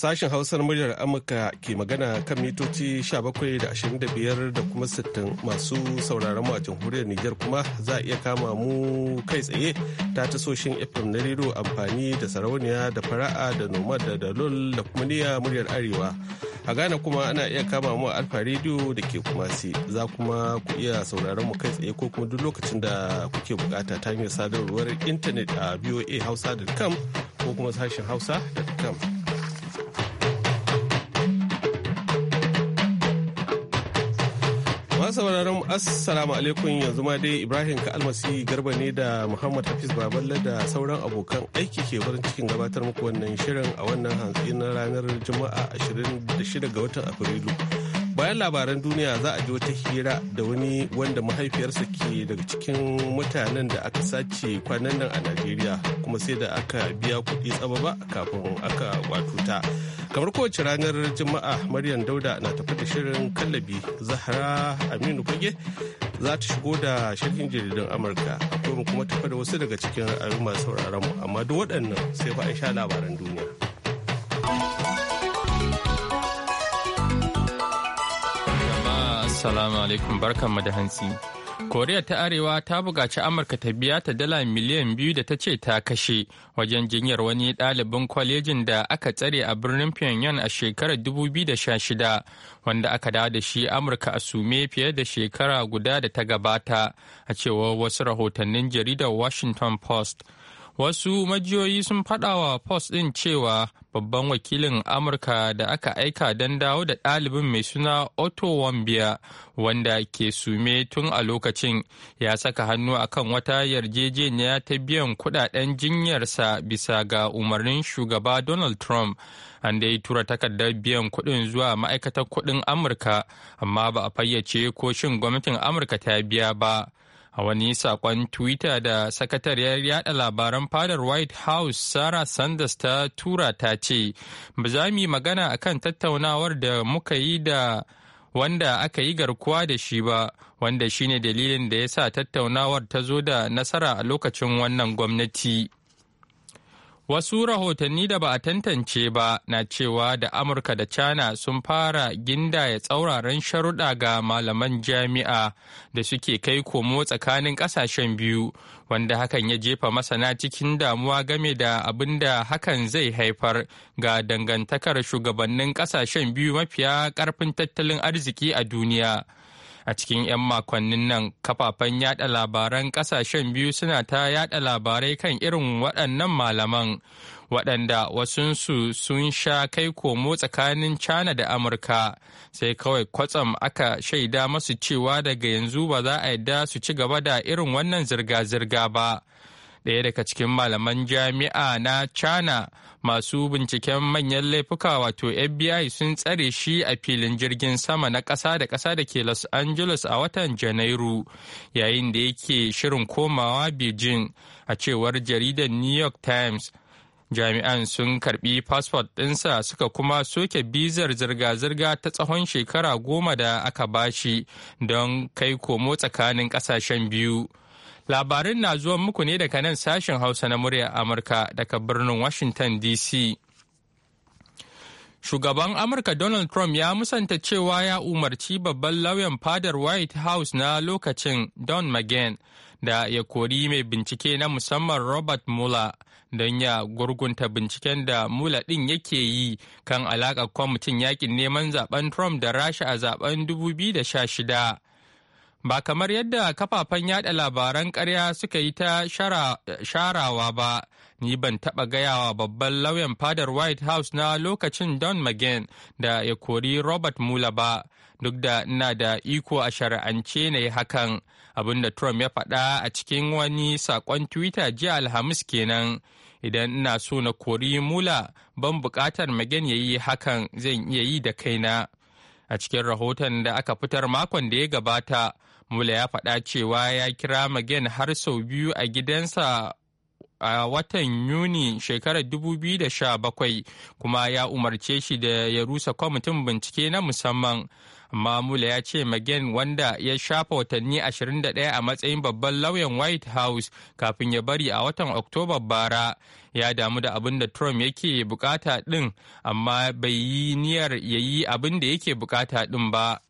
Sashen Hausar muryar Amurka ke magana kan mitoci 17 da kuma 60 masu sauraron mu a jamhuriyar Nijar kuma za a iya kama mu kai tsaye ta tasoshin FM na rediyo amfani da sarauniya da fara'a da noma da dalol da kuma niya muryar Arewa. A Ghana kuma ana iya kama mu Alfa rediyo da ke kuma si za kuma ku iya sauraron mu kai tsaye ko kuma duk lokacin da kuke bukata ta hanyar sadarwar intanet a voahausa.com ko kuma sashen hausa.com. Masu sauraron assalamu alaikum yanzu ma dai Ibrahim ka almasi garba ne da Muhammad Hafiz Baballe da sauran abokan aiki ke farin cikin gabatar muku wannan shirin a wannan hantsi na ranar Juma'a 26 ga watan Afrilu. bayan labaran duniya za a ji wata hira da wani wanda mahaifiyarsa ke daga cikin mutanen da aka sace kwanan nan a najeriya kuma sai da aka biya kuɗi tsababa kafin aka wato ta kamar kowace ranar juma'a maryam dauda na tafi da shirin kallabi zahra aminu fage za ta shigo da shirin jaridun amurka akwai mu kuma tafi da wasu daga cikin ra'ayoyi masu sauraron mu amma duk waɗannan sai fa an sha labaran duniya. Assalamu alaikum barkan da hantsi. Koriya ta Arewa ta bugaci Amurka ta biya ta dala miliyan biyu da ta ce ta kashe wajen jinyar wani ɗalibin kwalejin da aka tsare a birnin Pyongyang a shekarar 2016 wanda aka dawo da shi Amurka a sume fiye da shekara guda da ta gabata a cewar wasu rahotannin jaridar Washington Post. Wasu majiyoyi sun faɗawa Post ɗin cewa babban wakilin Amurka da aka aika don dawo da ɗalibin mai suna Otto Wambia wanda ke sume tun a lokacin ya saka hannu a kan wata yarjejeniya ta biyan kuɗaɗen jinyarsa bisa ga umarnin shugaba Donald Trump. An dai tura takardar biyan kuɗin zuwa ma'aikatar kuɗin Amurka amma ba a fayyace ko shin gwamnatin Amurka ta biya ba. A wani saƙon Twitter da sakatariyar yada labaran fadar White House Sarah Sanders ta tura ta ce, "Ba za mu yi magana a kan tattaunawar da muka yi da wanda aka yi garkuwa da shi ba, wanda shine dalilin da ya sa tattaunawar ta zo da nasara a lokacin wannan gwamnati." Wasu rahotanni da ba a tantance ba na cewa da Amurka da China sun fara gindaya tsauraran sharuɗa ga malaman jami'a da suke kai komo tsakanin ƙasashen biyu, wanda hakan ya jefa masana cikin damuwa game da abin da hakan zai haifar ga dangantakar shugabannin ƙasashen biyu mafiya ƙarfin tattalin arziki a duniya. a cikin 'yan makonnin nan kafafen yada labaran kasashen biyu suna ta yada labarai kan irin waɗannan malaman waɗanda wasunsu sun sha kai komo tsakanin china da amurka sai kawai kwatsam aka shaida masu cewa daga yanzu ba za a yadda su ci gaba da irin wannan zirga-zirga ba ɗaya daga cikin malaman jami'a na china masu binciken manyan laifuka wato fbi sun tsare shi a filin jirgin sama na ƙasa da ƙasa da ke los angeles a watan janairu yayin da yake shirin komawa beijing a cewar jaridar new york times jami'an sun karbi fasfot ɗinsa suka kuma soke bizar zirga-zirga ta tsawon shekara goma da aka bashi don kai komo tsakanin ƙasashen biyu Labarin na zuwa muku ne daga nan sashen Hausa na muryar Amurka daga birnin Washington DC. Shugaban Amurka Donald Trump ya musanta cewa ya umarci babban lauyan fadar White House na lokacin Don McGahn da ya kori mai bincike na musamman Robert Mueller don ya gurgunta binciken da Mueller ɗin yake yi kan alaƙar kwamitin yakin neman zaben Trump da Rasha a zaben 2016. ba kamar yadda kafafen yada labaran karya suka yi ta sharawa ba ni ban taɓa gayawa babban lauyan fadar white house na lokacin don mcgain da ya kori robert mueller ba duk da ina da iko a shari'ance na yi hakan abinda trump ya faɗa a cikin wani saƙon twitter jiya alhamis kenan idan ina so na kori mula ban buƙatar magen ya yi hakan zan iya yi da kaina A cikin rahoton da aka fitar makon da ya gabata, Mula ya faɗa cewa ya kira Magen har sau biyu a gidansa a watan Yuni shekarar 2017 kuma ya umarce shi da ya rusa kwamitin bincike na musamman. Mamula ya ce magen wanda ya shafa watanni 21 a matsayin babban lauyan White House kafin ya bari a watan Oktoba bara ya damu da abin da Trump yake bukata ɗin amma bai yi niyar ya yi abin da yake bukata ɗin ba.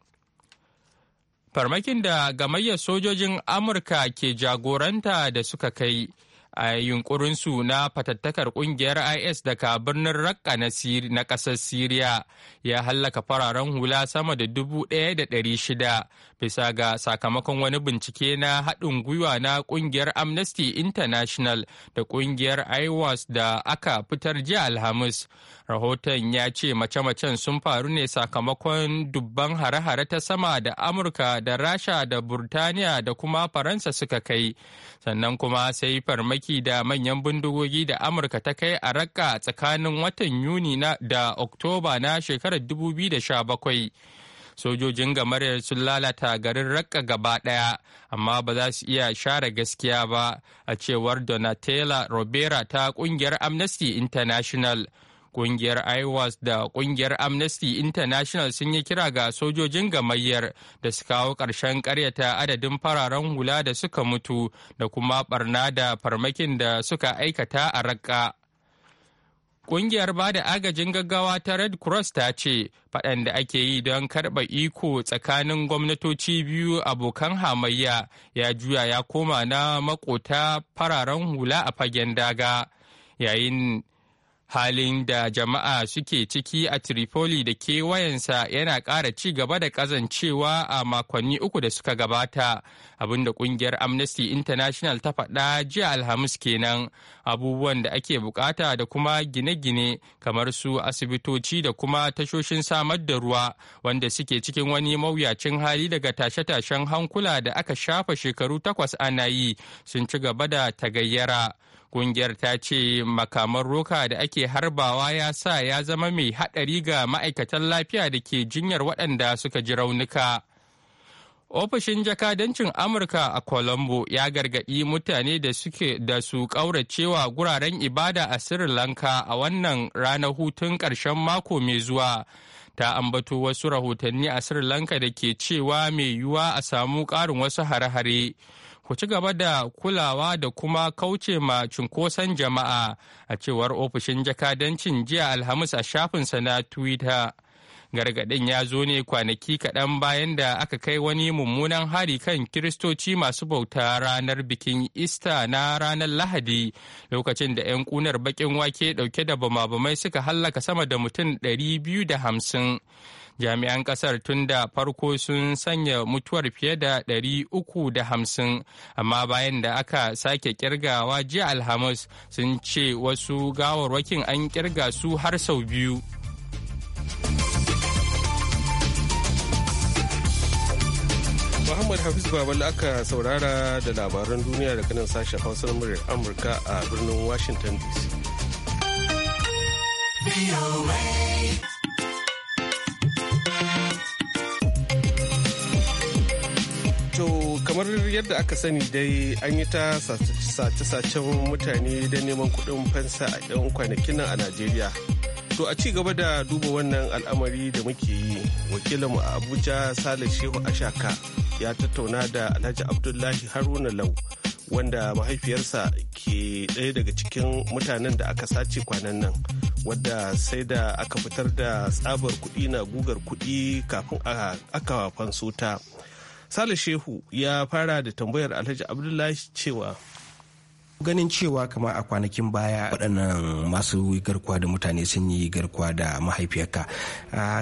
Farmakin da gamayyar sojojin Amurka ke jagoranta da suka kai. a yunkurinsu na fatattakar kungiyar is daga birnin Raqqa na ƙasar siriya ya hallaka fararen hula sama da dubu shida bisa ga sakamakon wani bincike na haɗin gwiwa na kungiyar amnesty international da kungiyar iwas da aka fitar jiya alhamis rahoton ya ce mace-macen sun faru ne sakamakon dubban hare-hare ta sama da amurka da rasha da burtaniya da kuma faransa suka kai sannan kuma sai farmaki aiki da manyan bindigogi da amurka ta kai a rakka tsakanin watan yuni na da oktoba na shekarar 2017 sojojin gamaryar sun lalata garin rakka gaba daya amma ba za su iya share gaskiya ba a cewar donatella robera ta kungiyar amnesty international Ƙungiyar IWAS da ƙungiyar Amnesty International sun yi kira ga sojojin gamayyar da su kawo ƙarshen ƙaryata adadin fararen hula da suka mutu da kuma barna da farmakin da suka aikata a raƙa. Ƙungiyar ba da agajin gaggawa ta Red Cross ta ce faɗan da ake yi don karɓa iko tsakanin gwamnatoci biyu abokan hamayya ya juya ya koma na makota fararen hula a fagen daga yayin halin da jama'a suke ciki a Tripoli da kewayensa yana ƙara ci gaba da ƙazancewa a makonni uku da suka gabata abinda ƙungiyar Amnesty International ta faɗa jiya Alhamis kenan abubuwan da ake bukata da kuma gine-gine kamar su asibitoci da kuma tashoshin samar da ruwa wanda suke cikin wani mawuyacin hali daga tashe-tashen hankula da aka shafa shekaru takwas ana yi sun ci gaba da tagayyara. Kungiyar ta ce makaman roka da ake harbawa ya sa ya zama mai haɗari ga ma'aikatan lafiya da ke jinyar waɗanda suka ji raunuka. Ofishin jakadancin Amurka a Colombo ya gargaɗi mutane da suke da su ƙauracewa guraren ibada a Sri Lanka a wannan ranar hutun ƙarshen mako mai zuwa. ta ambato wasu rahotanni a Sri Lanka da ke cewa mai yiwuwa a samu ƙarin wasu hare-hare ku ci gaba da kulawa da kuma kauce ma cunkoson jama'a a cewar ofishin jakadancin jiya alhamis a shafinsa na twitter gargaɗin ya zo ne kwanaki kaɗan bayan da aka kai wani mummunan hari kan kiristoci masu bauta ranar bikin ista na ranar lahadi lokacin da 'yan ƙunar bakin wake ɗauke da bama-bamai suka hallaka sama da mutum 250 jami'an kasar tun da farko sun sanya mutuwar fiye da 350 amma bayan da aka sake kirgawa jiya alhamis sun ce wasu gawarwakin an kirga su har sau biyu Muhammad Hafiz Babalu aka saurara da labaran duniya daga nan sashen Hausa na muryar Amurka a birnin Washington DC. To kamar yadda aka sani dai an yi ta sace-sacen mutane da neman kuɗin fansa a 'yan kwanakin nan a Najeriya. To a ci gaba da duba wannan al'amari da muke yi, wakilinmu a Abuja Sale Shehu Ashaka ya tattauna da Alhaji Abdullahi Haruna Lau. wanda mahaifiyarsa ke ɗaya daga cikin mutanen da aka sace kwanan nan wadda sai da aka fitar da tsabar kuɗi na gugar kuɗi kafin aka fanso ta sale shehu ya fara da tambayar alhaji abdullahi cewa ganin cewa kama a kwanakin baya waɗannan masu garkuwa da mutane sun yi garkuwa da mahaifiyarka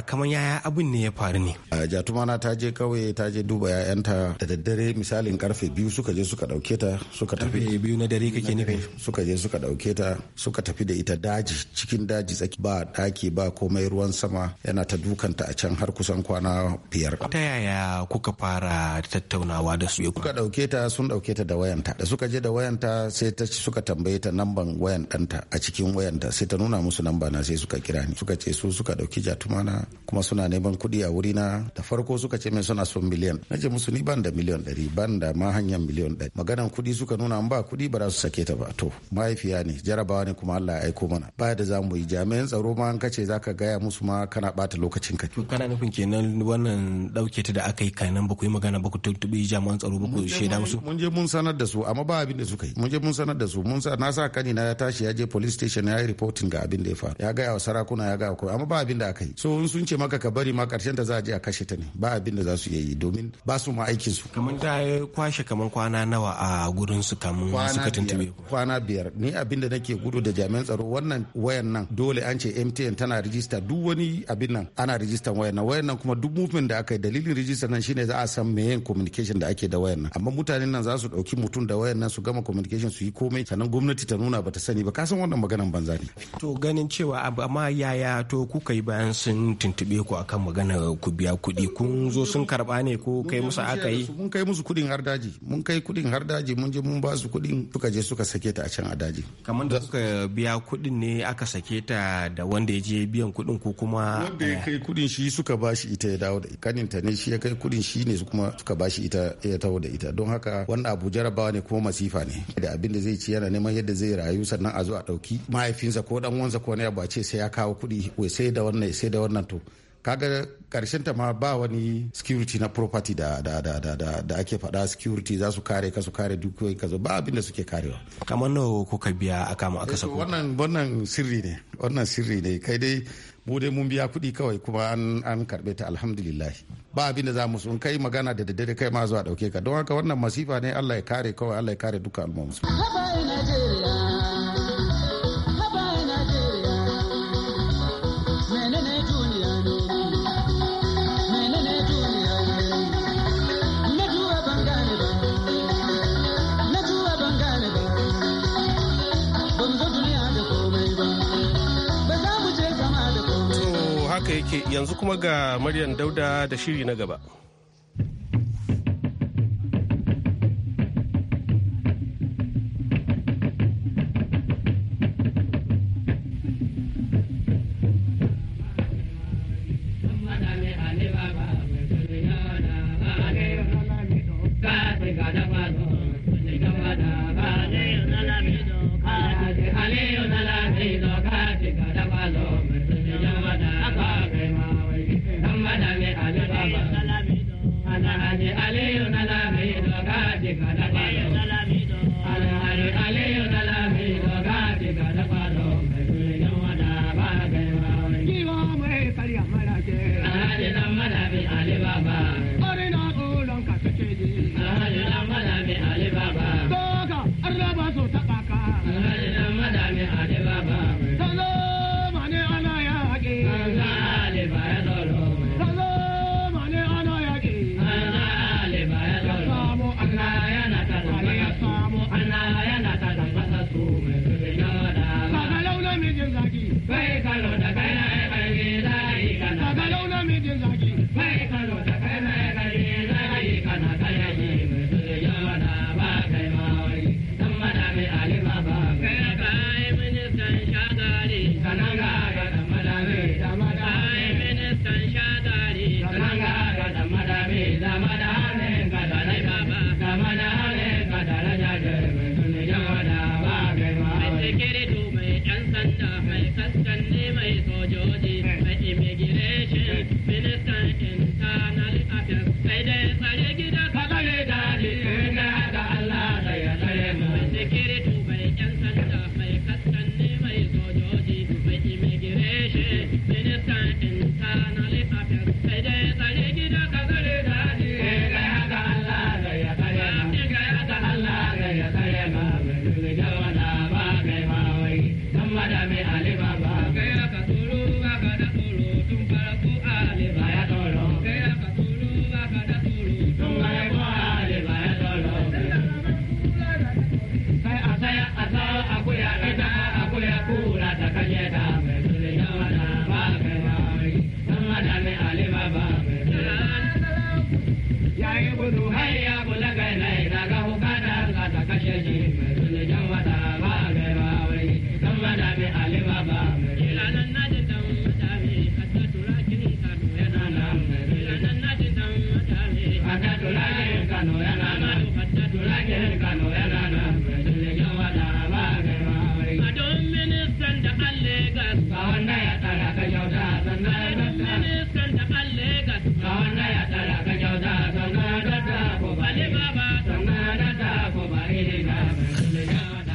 kamar yaya abin ne ya faru ne jatumana ta je kawai ta je duba yayanta da daddare misalin karfe biyu suka je suka dauke ta suka tafi biyu na dare kake nufi suka je suka dauke ta suka tafi da ita daji cikin daji tsaki ba daki ba komai ruwan sama yana ta dukanta a can har kusan kwana biyar ta yaya kuka fara tattaunawa da su kuka dauke ta sun dauke ta da wayanta da suka je da wayanta sai sai ta suka tambaye ta namban wayan ɗanta a cikin wayanta sai ta nuna musu namba na sai suka kira ni suka ce su suka ɗauki jatumana kuma suna neman kuɗi a wurina da farko suka ce min suna son miliyan na ce musu ni ban da miliyan ɗari ban da ma hanyar miliyan ɗari maganan kuɗi suka nuna ba kuɗi ba za su sake ta ba to mahaifiya ne jarabawa ne kuma Allah ya aiko mana ba da za mu yi jami'an tsaro ma an kace zaka gaya musu ma kana bata lokacin ka to kana nufin kenan wannan ɗauke ta da aka yi kenan ba ku yi magana ba ku tuntuɓi jami'an tsaro ba ku shaida musu mun je mun sanar da su amma ba abin da suka yi mun je mun sanar da su mun sa na sa kani na ya tashi ya je police station ya yi reporting ga abin da ya faru ya ga wa sarakuna ya ga ko amma ba abin da aka yi so in sun ce maka ka bari ma karshen ta za a je a kashe ta ne ba abin da za su yi domin ba su ma aikin su kamar ta kwashe kamar kwana nawa a gurin su kamun suka tuntube kwana biyar ni abin da nake gudu da jami'an tsaro wannan wayan nan dole an ce MTN tana register duk wani abin nan ana register wayan nan wayan nan kuma duk movement da aka yi dalilin register nan shine za a san meye communication da ake da wayan nan amma mutanen nan za su dauki mutum da wayan nan su gama communication su yi komai nan gwamnati ta nuna bata sani ba kasan wannan maganan banza ne to ganin cewa amma yaya to kuka yi bayan sun tuntube ku akan magana ku biya kuɗi kun zo sun karba ne ko kai musu aka yi mun kai musu kuɗin har daji mun kai kuɗin har daji mun je mun ba su kuɗin suka je suka sake ta a can a daji kamar da suka biya kuɗin ne aka sake ta da wanda ya je biyan kuɗin ko kuma wanda ya kai kuɗin shi suka ba shi ita ya dawo da ta ne shi ya kai kuɗin shi ne kuma suka ba shi ita ya dawo da ita don haka wannan abu jarabawa ne kuma masifa ne da yadda zai ci yana neman yadda zai rayu sannan a zo a ɗauki mahaifinsa ko dan wansa ko ne a ce sai ya kawo kuɗi wai sai da wannan sai da wannan to kaga karshen ta ma ba wani security na property da da da da da, da ake faɗa security za su kare ka su kare dukiyoyi ka zo ba abin da suke karewa kamar nawa ka biya aka mu aka sako eh wannan wannan sirri ne wannan sirri ne kai dai mu dai mun biya kuɗi kawai kuma an an karbe ta alhamdulillah ba abin da za mu sun kai magana da daddare kai ma zuwa dauke ka don haka wannan masifa ne Allah ya kare kawai Allah ya kare duka al'umma yanzu kuma ga Maryam Dauda da shiri na gaba.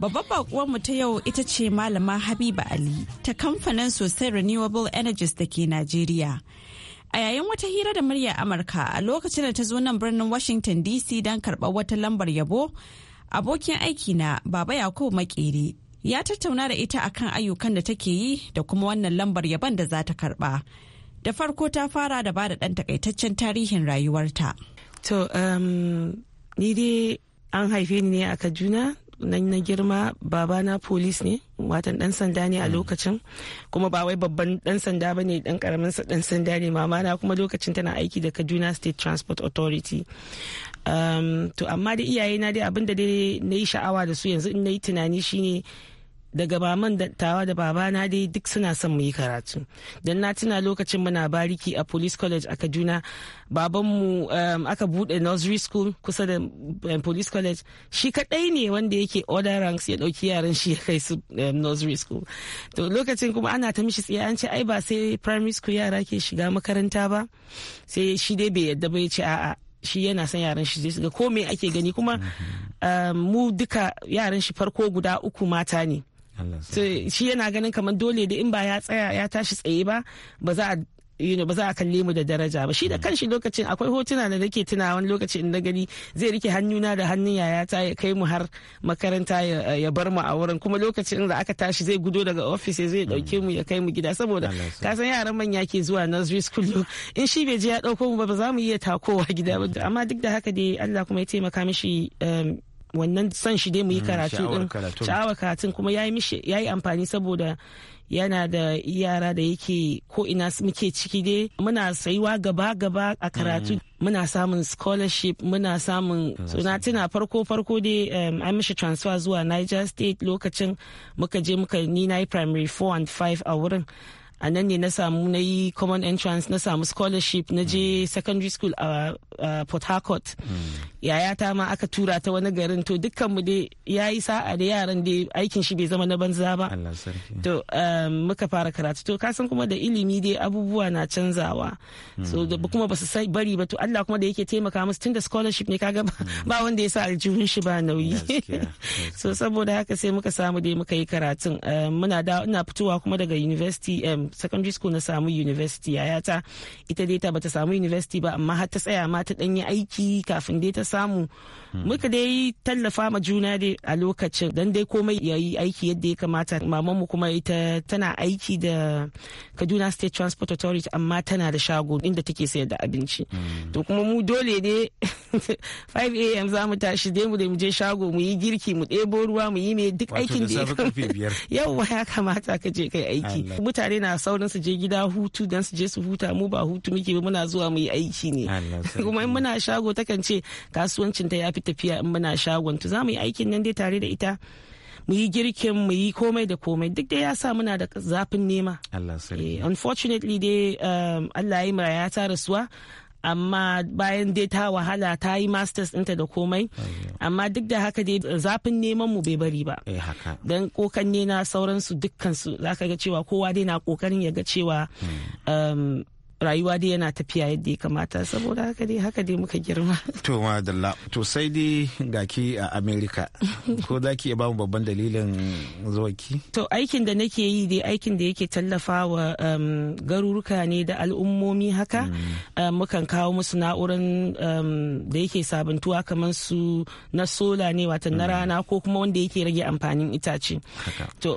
Babbar bakuwar mu ta yau ita ce Malama Habiba Ali ta kamfanin sosai Renewable Energies da ke Najeriya. A yayin wata hira da murya Amurka a lokacin da ta zo nan birnin Washington DC don karɓar wata lambar yabo, abokin aiki na Baba Yakubu Makere ya tattauna da ita akan ayyukan da take yi da kuma wannan lambar yabon da za ta karɓa. da farko ta fara da ba da ɗan takaitaccen tarihin rayuwarta. To, um, ni dai an haife ni ne a Kaduna na girma babana polis ne watan dan sanda ne a mm. lokacin kuma ba wai babban dan sanda ba ne dan karamin dan sanda ne mama na kuma lokacin tana aiki da kaduna state transport authority um, to amma da iyaye na dai abinda dai na yi sha'awa da su yanzu in na yi tunani shine daga da dattawa da babana dai duk suna son mu yi karatu don na tuna lokacin muna bariki a police college a kaduna babanmu um, aka bude nursery school kusa da um, police college shi kadai ne wanda yake order ranks ya dauki yaran shi ya kai su um, nursery school to lokacin kuma ana ta mishi tsiya an ce ai ba sai primary school yara ke shiga makaranta ba sai shi dai bai yadda bai ce a'a shi yana son yaran shi zai ga ko me ake gani kuma mm-hmm. mu duka yaran shi farko guda uku mata ne shi yana ganin kamar dole da in ba ya tsaya ya tashi tsaye ba ba za a you ba za a kalle mu da daraja ba shi da mm. kanshi lokacin akwai hotuna da nake tuna wani lokaci in na gani zai rike hannuna da hannun yaya ta ya kai mu har makaranta ya bar mu a wurin kuma lokacin da aka tashi zai gudo daga ofis zai dauke mm. mu ya kai mu gida saboda ka san yaran manya ke zuwa nursery school in shi bai je ya dauko mu ba ba za mu iya takowa gida ba mm. amma duk da haka dai Allah kuma ya taimaka mishi um, wannan son shi dai mu yi mm, karatu din sha'awar karatun kuma ya yi amfani saboda yana da yara da yake ko ina muke ciki dai muna sayuwa gaba gaba a karatu mm. muna samun scholarship muna samun suna tuna farko farko dai an mishi transfer zuwa niger state lokacin muka je muka ni na primary 4 and 5 a wurin a nan ne na samu na yi common entrance na samu scholarship na je mm. secondary school a port harcourt yayata ma aka tura ta wani garin to dukkanmu mu ya yi sa'a da yaran da aikin shi bai zama na banza ba to um, muka fara karatu to kasan kuma da ilimi dai abubuwa na canzawa so da hmm. kuma basu sai bari ba to Allah kuma da yake taimaka musu tunda scholarship ne kaga ba hmm. wanda ya sa aljihun shi ba nauyi so saboda haka sai muka samu dai muka yi karatun um, muna da ina fitowa kuma daga university um, secondary school na samu university yayata ita dai ta bata samu university ba amma har ta tsaya ma ta danyi aiki kafin dai ta samu hmm. muka dai tallafa ma juna dai a lokacin dan dai komai ya yi aiki yadda ya kamata mamanmu kuma ita tana aiki da kaduna state transport authority amma tana da shago inda take sayar da abinci hmm. to kuma mu dole ne 5 am za mu tashi dai mu da mu je shago mu yi girki mu ɗebo ruwa mu yi mai duk aikin da ya ya kamata ka je kai aiki mutane na saurin su je gida hutu dan su je su huta mu ba hutu muke muna zuwa mu yi aiki ne kuma muna shago takan ce kasuwancinta ya fi tafiya in muna shagon tu za yi aikin nan dai tare da ita mu yi girkin mu yi komai da komai duk da ya sa muna da zafin nema eh, unfortunately dai um, Allah ya ya ta rasuwa amma bayan dai ta wahala ta yi masters ɗinta da komai amma duk da haka dai zafin neman mu bai bari ba eh, don kokan ne na sauransu dukkansu zaka ga cewa kowa dai na kokarin ya ga cewa hmm. um, rayuwa dai yana tafiya yadda ya kamata saboda haka dai haka dai muka girma to madalla to sai dai ga ki a Amerika ko za ki iya bamu babban dalilin zuwa ki to aikin da nake yi dai aikin da yake tallafa wa um, garuruka ne da al'ummomi haka mm. um, mukan kawo musu na'urar um, da yake sabantuwa kamar su na sola ne wata na mm. rana ko kuma wanda yake rage amfanin itace to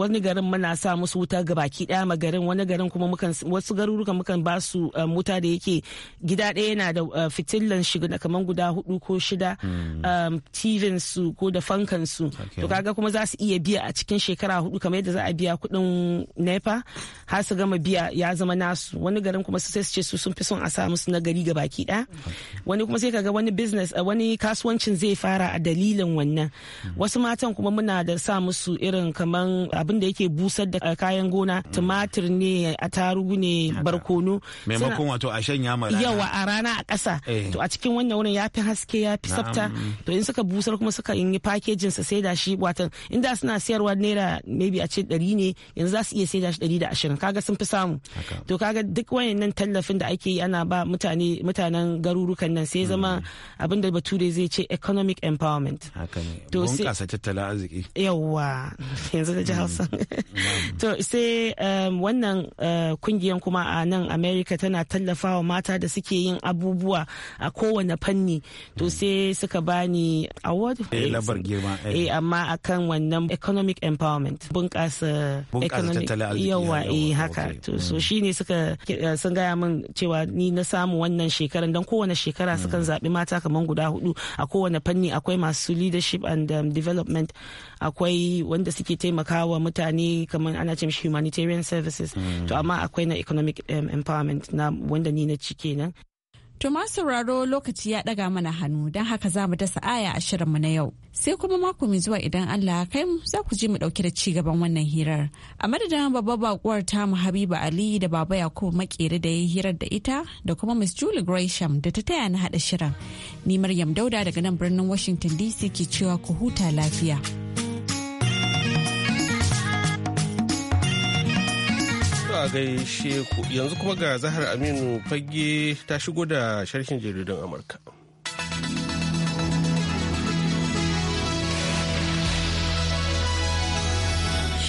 wani garin muna sa musu wuta ga baki daya ma garin wani garin kuma mukan wasu garuruka mukan ba su eh, mota da yake gida ɗaya yana da eh, fitilan shiga na kamar guda hudu ko shida hmm. um, tvn su ko da fankan su to kaga kuma za su iya biya a cikin shekara hudu kamar yadda za a biya kuɗin nepa har su gama biya ya zama nasu wani garin kuma sai su ce su sun fi son a sa musu na gari ga baki ɗaya wani kuma sai kaga wani business eh, wani kasuwancin zai fara a dalilin wannan hmm. wasu matan kuma muna da sa musu irin kamar abin da yake busar da kayan gona hmm. tumatir ne a tarugu ne barko kono. maimakon wato a shanya ma rana. yawa a rana a ƙasa eh. to a cikin wannan wurin ya fi haske ya fi tsafta to in suka busar kuma suka yi fakejin sa sai da shi watan inda suna sayarwa naira maybe a ce ɗari ne yanzu za su iya sai da shi ɗari da ashirin kaga sun fi samu to kaga duk wayannan tallafin da ake yi ana ba mutane mutanen garurukan nan sai zama mm. abin da bature zai ce economic empowerment to sai tattalin arziki yawa yanzu da mm. hausa. to sai um, wannan uh, kungiyan kuma a nan nan america tana tallafa wa mata da suke yin abubuwa a kowane fanni to mm. sai suka bani award eh, eh. eh amma akan wannan economic empowerment bunƙasa economic yawa eh haka to so mm. shine suka eh, sun gaya min cewa ni na samu wannan shekaran don kowane shekara sukan mm. zaɓi mata kamar guda hudu a kowane fanni akwai masu leadership and um, development akwai wanda suke taimakawa mutane kamar ana ce humanitarian services hmm. to amma akwai na economic um, empowerment na wanda ni na ci kenan To sauraro lokaci ya daga mana hannu don haka za mu dasa aya a shirin mu na yau. Sai kuma mako mai zuwa idan Allah ya kai mu za ku ji mu ɗauki da ci gaban wannan hirar. A madadin babbar ta mu Habiba Ali da Baba Yakubu Makere da ya hirar da ita da kuma Miss Julie Gresham da ta taya na hada shirin. Ni Maryam Dauda daga nan birnin Washington DC ke cewa ku huta lafiya. a gaishe ku yanzu kuma ga Zahar Aminu fage ta shigo da sharhin jaridun Amurka.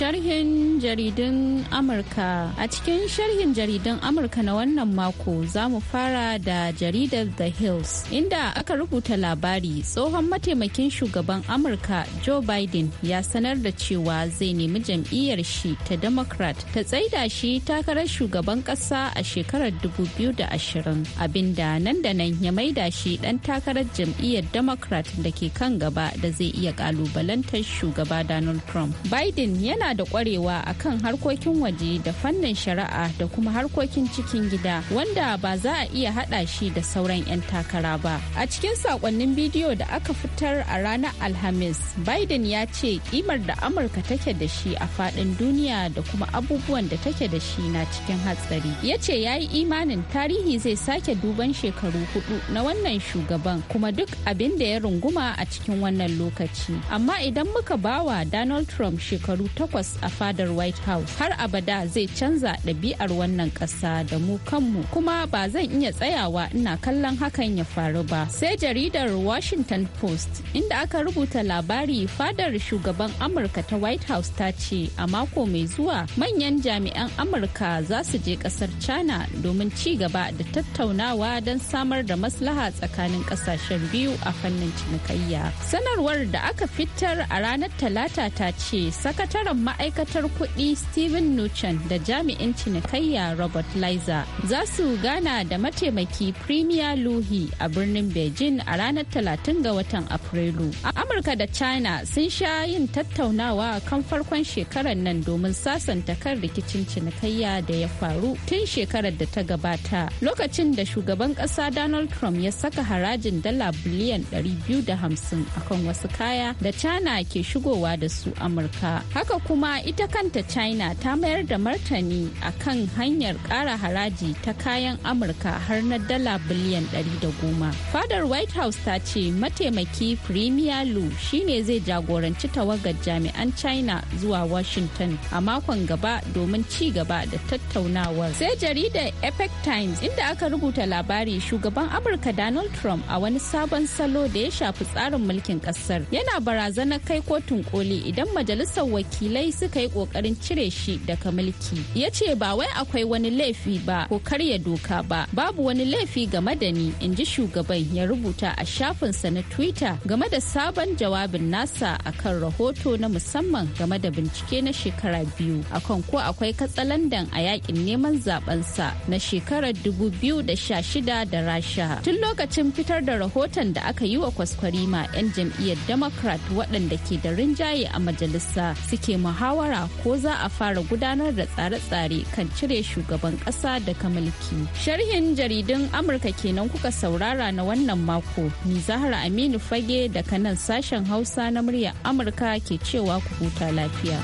sharhin jaridun Amurka. A cikin sharhin jaridun Amurka na wannan mako za mu fara da jaridar The Hills, inda aka rubuta labari tsohon mataimakin shugaban Amurka Joe Biden ya sanar da cewa zai nemi jam'iyyar shi ta Democrat ta tsaida shi takarar shugaban ƙasa a shekarar 2020, abinda nan da nan ya maida shi ɗan takarar jam'iyyar Democrat da ke kan gaba da zai iya ƙalubalantar shugaba Donald Trump. Biden yana da kwarewa a kan harkokin waje da fannin shari'a da kuma harkokin cikin gida wanda ba za a iya hada shi da sauran 'yan takara ba a cikin sakonnin bidiyo da aka fitar a ranar alhamis biden ya ce kimar da amurka take da shi a fadin duniya da kuma abubuwan da take da shi na cikin hatsari ya ce ya yi imanin tarihi zai sake duban shekaru hudu na wannan shugaban kuma duk abin da ya runguma a cikin wannan lokaci amma idan muka bawa donald trump shekaru takwas Truss a fadar White House har abada zai canza ɗabi'ar wannan ƙasa da mu kanmu kuma ba zan iya tsayawa ina kallon hakan ya faru ba. Sai jaridar Washington Post inda aka rubuta labari fadar shugaban Amurka ta White House ta ce a mako mai zuwa manyan jami'an Amurka za su je ƙasar China domin ci gaba da tattaunawa don samar da maslaha tsakanin ƙasashen biyu a fannin cinikayya. Sanarwar da aka fitar a ranar Talata ta ce sakataren ma'aikatar kuɗi Steven Nuchan da jami'in cinikayya Robert Liza za su gana da mataimaki Premier Luhi a birnin Beijing a ranar 30 ga watan Afrilu. a Amurka da China sun sha yin tattaunawa kan farkon shekarar nan domin sasanta kan rikicin cinikayya da ya faru tun shekarar da ta gabata lokacin da shugaban ƙasa Donald Trump ya saka harajin dala biliyan 250 akan wasu kaya da China ke shigowa da su Amurka. Haka kuma ita kanta china ta mayar da martani a kan hanyar kara haraji ta kayan amurka har na dala biliyan 110 fadar white house ta ce mataimaki premier lu shine zai jagoranci tawagar jami'an china zuwa washington a makon gaba domin ci gaba da tattaunawar sai jaridar epic times inda aka rubuta labari shugaban amurka donald trump a wani sabon salo da ya shafi tsarin mulkin kasar yana barazanar kai kotun koli idan majalisar wakilai sai suka yi kokarin cire shi daga mulki ya ce ba wai akwai wani laifi ba ko karya doka ba babu wani laifi game da ni in ji shugaban ya rubuta a shafinsa na twitter game da sabon jawabin nasa akan rahoto na musamman game da bincike na shekara biyu akan ko akwai katsalandan a yakin neman zabensa na shekarar dubu 2016 da rasha tun lokacin fitar da rahoton da aka yi wa kwaskwarima 'yan jam'iyyar democrat waɗanda ke da rinjaye a majalisa suke ma muhawara ko za a fara gudanar da tsare-tsare kan cire shugaban ƙasa daga mulki. Sharhin jaridun Amurka kenan kuka saurara na wannan mako. Ni Zahra Aminu Fage daga nan sashen Hausa na murya Amurka ke cewa ku huta lafiya.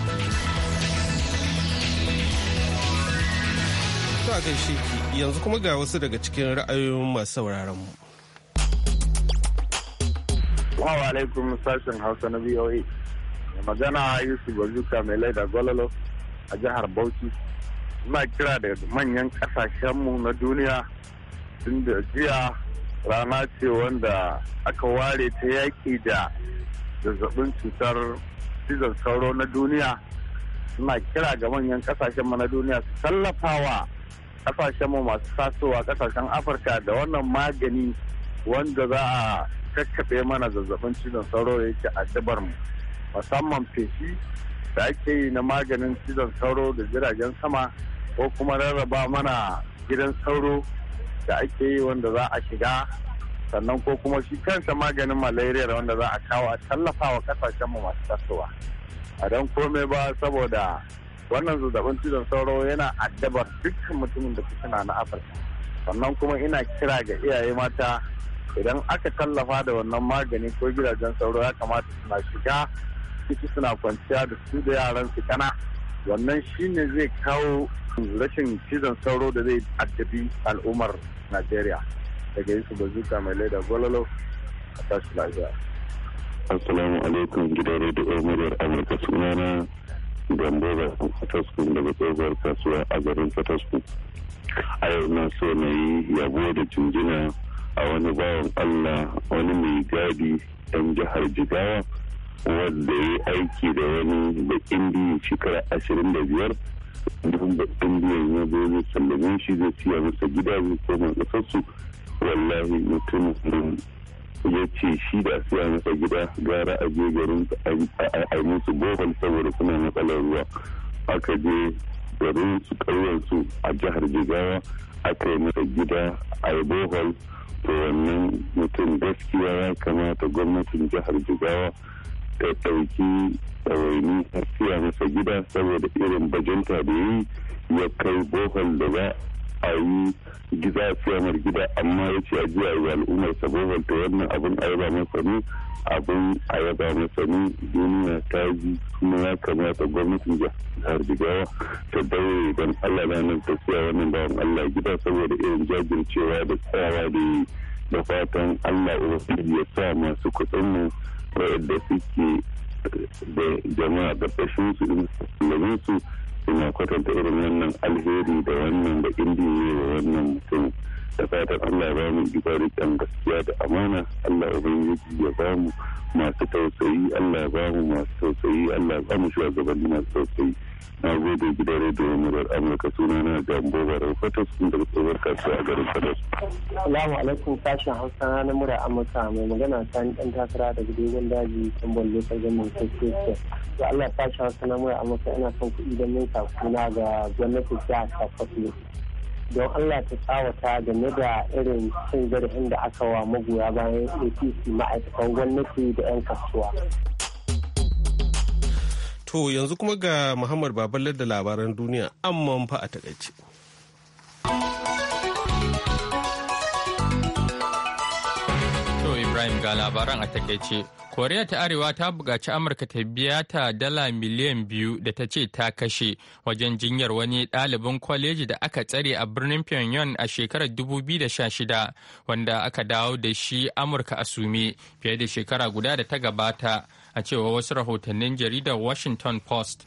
gaishe yanzu kuma ga wasu daga cikin ra'ayoyin masu sauraron mu. Wa alaikum sashen Hausa na VOA. magana yusuf bazuka mai laida gwalalo a jihar bauchi ina kira da manyan kasashenmu na duniya tun da jiya rana ce wanda aka ware ta yaki da zazzabin cutar cizon sauro na duniya suna kira ga manyan kasashenmu na duniya su tallafawa kasashenmu masu tasowa kasashen afirka da wannan magani wanda za a kakkaɓe mana zazzabin cizon sauro da yake addabar mu musamman feshi da ake yi na maganin cizon sauro da jiragen sama ko kuma rarraba mana gidan sauro da ake yi wanda za a shiga sannan ko kuma shi kansa maganin malaria wanda za a kawo a tallafa wa kasashenmu masu tasowa a don komai ba saboda wannan zazzabin cizon sauro yana addabar dukkan mutumin da suna na afirka sannan kuma ina kira ga iyaye mata idan aka tallafa da wannan magani ko gidajen sauro ya kamata suna shiga ciki suna kwanciya da su da yaran su kana wannan shine zai kawo rashin cizon sauro da zai addabi al'ummar najeriya daga su bazuka mai laida gwalolo a tashi lafiya assalamu alaikum gidan radio muryar amurka na gambo da fataskun daga tsohuwar kasuwa a garin Fatasku. a yau na so na yi yabo da jinjina a wani bawan allah wani mai gadi yan jihar jigawa wanda ya aiki da wani da indiya shekara ashirin da biyar duk da indiya ya zo zai sallame shi zai siya masa gida zai koma kasarsu wallahi mutum ya ce shi da siya masa gida gara a je garin a musu bohol saboda suna matsalar ruwa aka je garin su su a jihar jigawa aka yi masa gida a bohol to wannan mutum gaskiya ya kamata gwamnatin jihar jigawa ta ɗauki ɗawaini har siya masa gida saboda irin bajinta da yi ya kai bohol da za a yi gida siyamar gida amma ya ce a jiya yi al'ummar bohol ta wannan abin a yaba masa ne abin a yaba masa ne duniya ta ji kuma ya kamata gwamnatin har jigawa ta bai don allah nan ta siya wannan bawan allah gida saboda irin jajircewa da tsawa da yi da fatan allah ya sa masu kusan mu waɗanda suke da jama'a da fashin su domin su suna kwatanta irin wannan alheri da wannan da indiya da wannan mutum da fatan Allah ya ba mu ibarikan gaskiya da amana Allah ubangiji ya ba mu masu tausayi Allah ya ba mu masu tausayi Allah ya ba mu shugabanni masu tausayi na zo da gidan rediyo murar amurka suna na jambo barar fatas da tsohuwar kasuwa a garin fatas. salamu alaikum sashen hausa na murar amurka mai magana ta ni dan takara da gudugun daji ta lokal gamin kirkirkir da allah sashen hausa na murar amurka ina son kuɗi don min sakuna ga gwamnati gwamnatin jihar sakwato don allah ta tsawata game da irin cin zarafin da aka wa magoya bayan apc ma'aikatan gwamnati da 'yan kasuwa to yanzu kuma ga muhammad babalar da labaran duniya amma fa a takaice ga labaran a takaice. Koriya ta Arewa ta buƙaci Amurka ta biya ta dala miliyan biyu da ta ce ta kashe wajen jinyar wani ɗalibin kwaleji da aka tsare a birnin Pyongyang a shekarar 2016 wanda aka dawo da shi Amurka a sume fiye da shekara guda da ta gabata a cewa wasu rahotannin jaridar Washington Post.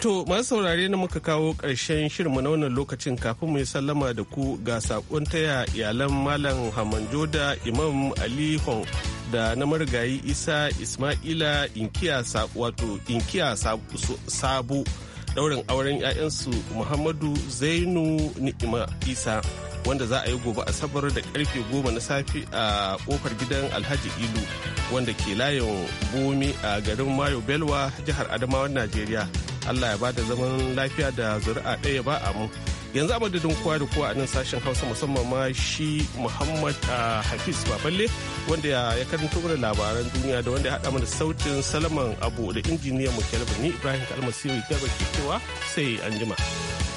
To masu saurare na muka kawo ƙarshen shirinmu na wannan lokacin kafin mu yi sallama da ku ga saƙon taya iyalan Malam Hamanjo da Imam Ali Hon da na marigayi Isa Ismaila Inkiya wato Inkiya Sabo daurin auren 'ya'yansu Muhammadu Zainu Ni'ima Isa wanda za a yi gobe asabar da karfe goma na safe a kofar gidan Alhaji Ilu wanda ke layin Bomi a garin Mayo Belwa jihar Adamawa Najeriya. allah ya bada zaman lafiya da zuri'a ɗaya ba a mu yanzu a madadin kowa da kowa a nan sashen hausa musamman ma shi muhammad ah, hafiz baballe wanda ya karanto mana labaran duniya da wanda ya haɗa mana sautin salaman abu da injiniyan mu kelvin ibrahim ibrahim kalmasi ke cewa sai anjima.